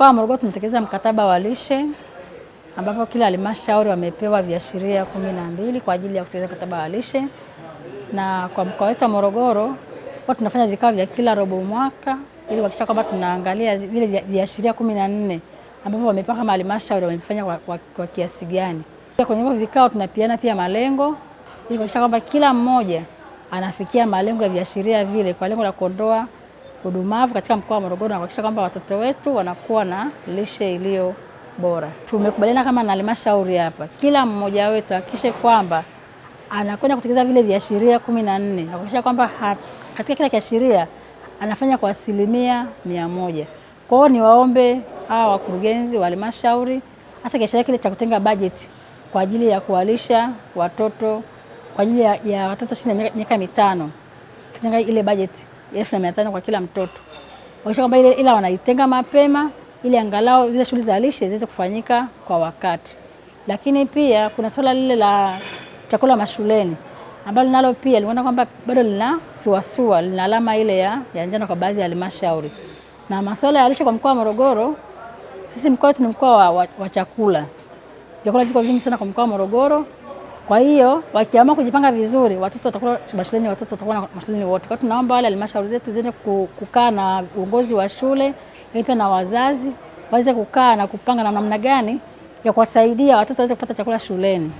Mkoa wa Morogoro tunatekeleza mkataba wa lishe ambapo kila halmashauri wamepewa viashiria kumi na mbili kwa ajili ya kutekeleza mkataba wa lishe, na kwa mkoa wetu wa Morogoro kwa tunafanya vikao vya kila robo mwaka ili kuhakikisha kwamba tunaangalia vile viashiria kumi na nne ambavyo wamepewa kama halmashauri wamefanya kwa, kwa, kwa kiasi gani. Kwenye hivyo vikao tunapiana pia malengo ili kuhakikisha kwamba kila mmoja anafikia malengo ya viashiria vile kwa lengo la kuondoa udumavu katika mkoa wa Morogoro na kuhakikisha kwamba watoto wetu wanakuwa na lishe iliyo bora. Tumekubaliana kama na halmashauri hapa, kila mmoja wetu hakikishe kwamba anakwenda kutekeleza vile viashiria kumi na nne na kuhakikisha kwamba katika kila kiashiria anafanya kwa asilimia mia moja. Kwa hiyo niwaombe hawa wakurugenzi wa halmashauri, hasa kiashiria kile cha kutenga bajeti kwa ajili ya kuwalisha watoto kwa ajili ya, ya watoto chini ya miaka mitano, kutenga ile bajeti elfu na mia tano kwa kila mtoto kuhakikisha kwamba ile ila wanaitenga mapema ili angalau zile shughuli za lishe ziweze kufanyika kwa wakati. Lakini pia kuna swala lile la chakula mashuleni ambalo nalo pia liona kwamba bado lina suasua, lina alama ile ya, ya njano kwa baadhi ya halmashauri. Na masuala ya lishe kwa mkoa wa Morogoro, sisi mkoa wetu ni mkoa wa, wa, wa chakula. Vyakula viko vingi sana kwa mkoa wa Morogoro. Kwa hiyo wakiamua kujipanga vizuri, watoto watakuwa mashuleni, watoto watakuwa mashuleni wote. Kwa tunaomba wale halmashauri zetu ziende kukaa na uongozi wa shule pia na wazazi waweze kukaa na kupanga na namna gani ya kuwasaidia watoto waweze kupata chakula shuleni,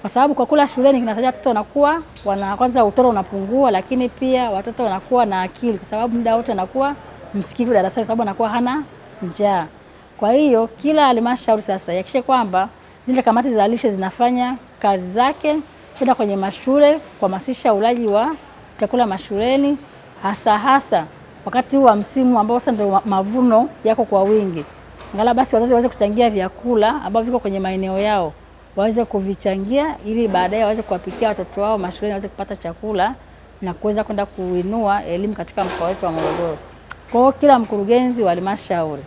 kwa sababu kwa kula shuleni kinasaidia watoto wanakuwa wana, kwanza utoro unapungua, lakini pia watoto wanakuwa na akili, kwa sababu muda wote anakuwa msikivu darasani, sababu anakuwa hana njaa. Kwa hiyo kila halmashauri sasa yakishe kwamba zile kamati za lishe zinafanya kazi zake, kwenda kwenye mashule kuhamasisha ulaji wa chakula mashuleni, hasa hasa wakati huu wa msimu ambao sasa ndio mavuno yako kwa wingi. Ngala basi wazazi waweze kuchangia vyakula ambavyo viko kwenye maeneo yao, waweze kuvichangia ili baadaye waweze kuwapikia watoto wao mashuleni, waweze kupata chakula na kuweza kwenda kuinua elimu katika mkoa wetu wa Morogoro. Kwa hiyo kila mkurugenzi wa halmashauri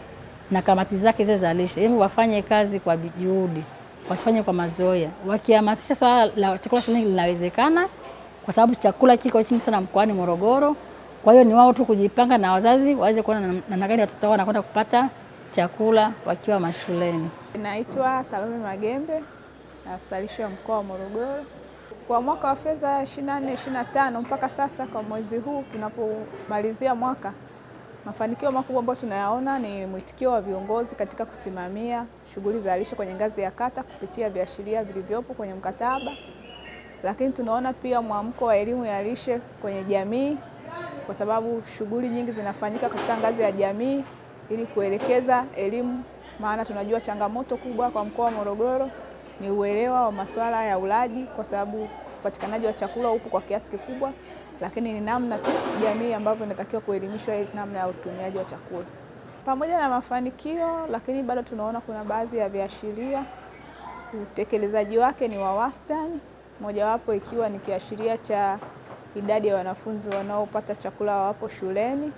na kamati zake zile za lishe, hebu wafanye kazi kwa juhudi wasifanye kwa mazoea, wakihamasisha swala la chakula shuleni linawezekana, kwa sababu chakula kiko chini sana mkoani Morogoro. Kwa hiyo ni wao tu kujipanga na wazazi waweze kuona namna gani watoto wao wanakwenda kupata chakula wakiwa mashuleni. Naitwa Salome Magembe, afsalishi wa mkoa wa Morogoro. Kwa mwaka wa fedha 24 25 mpaka sasa, kwa mwezi huu tunapomalizia mwaka Mafanikio makubwa ambayo tunayaona ni mwitikio wa viongozi katika kusimamia shughuli za lishe kwenye ngazi ya kata kupitia viashiria vilivyopo kwenye mkataba, lakini tunaona pia mwamko wa elimu ya lishe kwenye jamii, kwa sababu shughuli nyingi zinafanyika katika ngazi ya jamii ili kuelekeza elimu, maana tunajua changamoto kubwa kwa mkoa wa Morogoro ni uelewa wa masuala ya ulaji, kwa sababu upatikanaji wa chakula upo kwa kiasi kikubwa lakini ni namna tu jamii ambavyo inatakiwa kuelimishwa namna ya utumiaji wa chakula. Pamoja na mafanikio, lakini bado tunaona kuna baadhi ya viashiria utekelezaji wake ni wa wastani, mojawapo ikiwa ni kiashiria cha idadi ya wanafunzi wanaopata chakula wapo shuleni.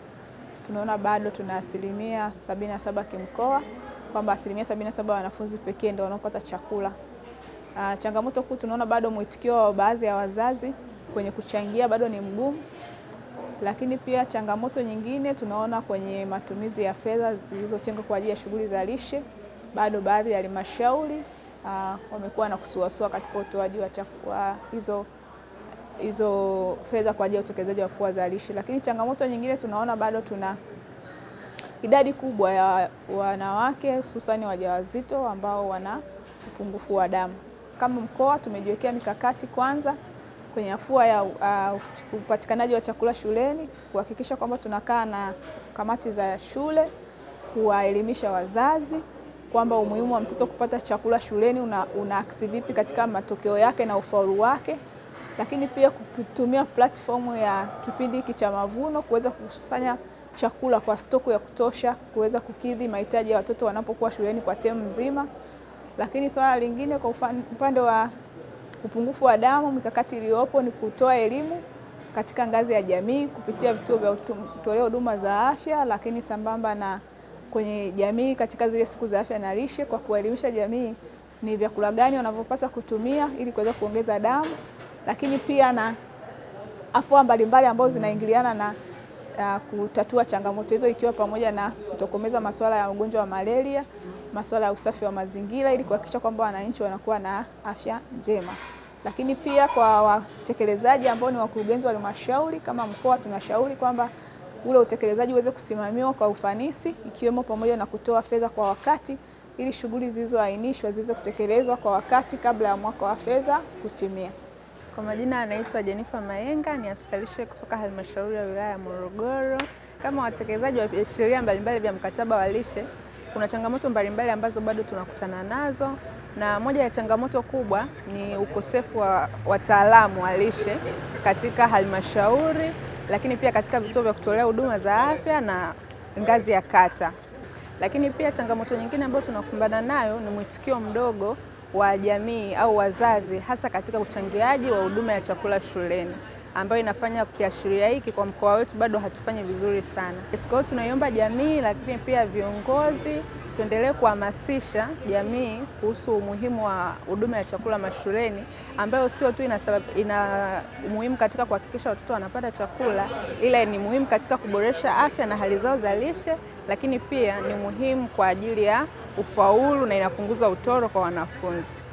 Tunaona bado tuna asilimia sabini na saba kimkoa, kwamba asilimia sabini na saba wanafunzi pekee ndio wanaopata chakula. Aa, ah, changamoto kuu tunaona bado mwitikio wa baadhi ya wazazi kwenye kuchangia bado ni mgumu, lakini pia changamoto nyingine tunaona kwenye matumizi ya fedha zilizotengwa kwa ajili ya shughuli za lishe, bado baadhi ya halmashauri ah, wamekuwa na kusuasua katika utoaji wa hizo hizo fedha kwa ajili ya utekelezaji wa afua za lishe. Lakini changamoto nyingine tunaona bado tuna idadi kubwa ya wanawake hususani wajawazito ambao wana upungufu wa damu. Kama mkoa tumejiwekea mikakati kwanza kwenye afua ya uh, upatikanaji wa chakula shuleni, kuhakikisha kwamba tunakaa na kamati za shule kuwaelimisha wazazi kwamba umuhimu wa mtoto kupata chakula shuleni una, aksi vipi katika matokeo yake na ufaulu wake, lakini pia kutumia platform ya kipindi hiki cha mavuno kuweza kukusanya chakula kwa stoku ya kutosha kuweza kukidhi mahitaji ya watoto wanapokuwa shuleni kwa temu nzima. Lakini swala lingine kwa upande wa upungufu wa damu, mikakati iliyopo ni kutoa elimu katika ngazi ya jamii kupitia vituo vya kutolea huduma za afya, lakini sambamba na kwenye jamii katika zile siku za afya na lishe, kwa kuelimisha jamii ni vyakula gani wanavyopaswa kutumia ili kuweza kuongeza damu, lakini pia na afua mbalimbali ambazo zinaingiliana na uh, kutatua changamoto hizo ikiwa pamoja na kutokomeza masuala ya ugonjwa wa malaria masuala ya usafi wa mazingira ili kuhakikisha kwamba wananchi wanakuwa na afya njema. Lakini pia kwa watekelezaji ambao ni wakurugenzi wa halmashauri, kama mkoa, tunashauri kwamba ule utekelezaji uweze kusimamiwa kwa ufanisi, ikiwemo pamoja na kutoa fedha kwa wakati ili shughuli zilizoainishwa ziweze kutekelezwa kwa wakati kabla ya mwaka wa fedha kutimia. Kwa majina anaitwa Jenifa Mayenga, ni afisa lishe kutoka halmashauri ya wilaya ya Morogoro. Kama watekelezaji wa sheria mbalimbali vya mkataba wa lishe kuna changamoto mbalimbali ambazo bado tunakutana nazo, na moja ya changamoto kubwa ni ukosefu wa wataalamu wa lishe katika halmashauri, lakini pia katika vituo vya kutolea huduma za afya na ngazi ya kata. Lakini pia changamoto nyingine ambayo tunakumbana nayo ni mwitikio mdogo wa jamii au wazazi, hasa katika uchangiaji wa huduma ya chakula shuleni ambayo inafanya kiashiria hiki kwa mkoa wetu bado hatufanyi vizuri sana. Kwa hiyo tunaiomba jamii, lakini pia viongozi tuendelee kuhamasisha jamii kuhusu umuhimu wa huduma ya chakula mashuleni, ambayo sio tu ina umuhimu katika kuhakikisha watoto wanapata chakula, ila ni muhimu katika kuboresha afya na hali zao za lishe, lakini pia ni muhimu kwa ajili ya ufaulu na inapunguza utoro kwa wanafunzi.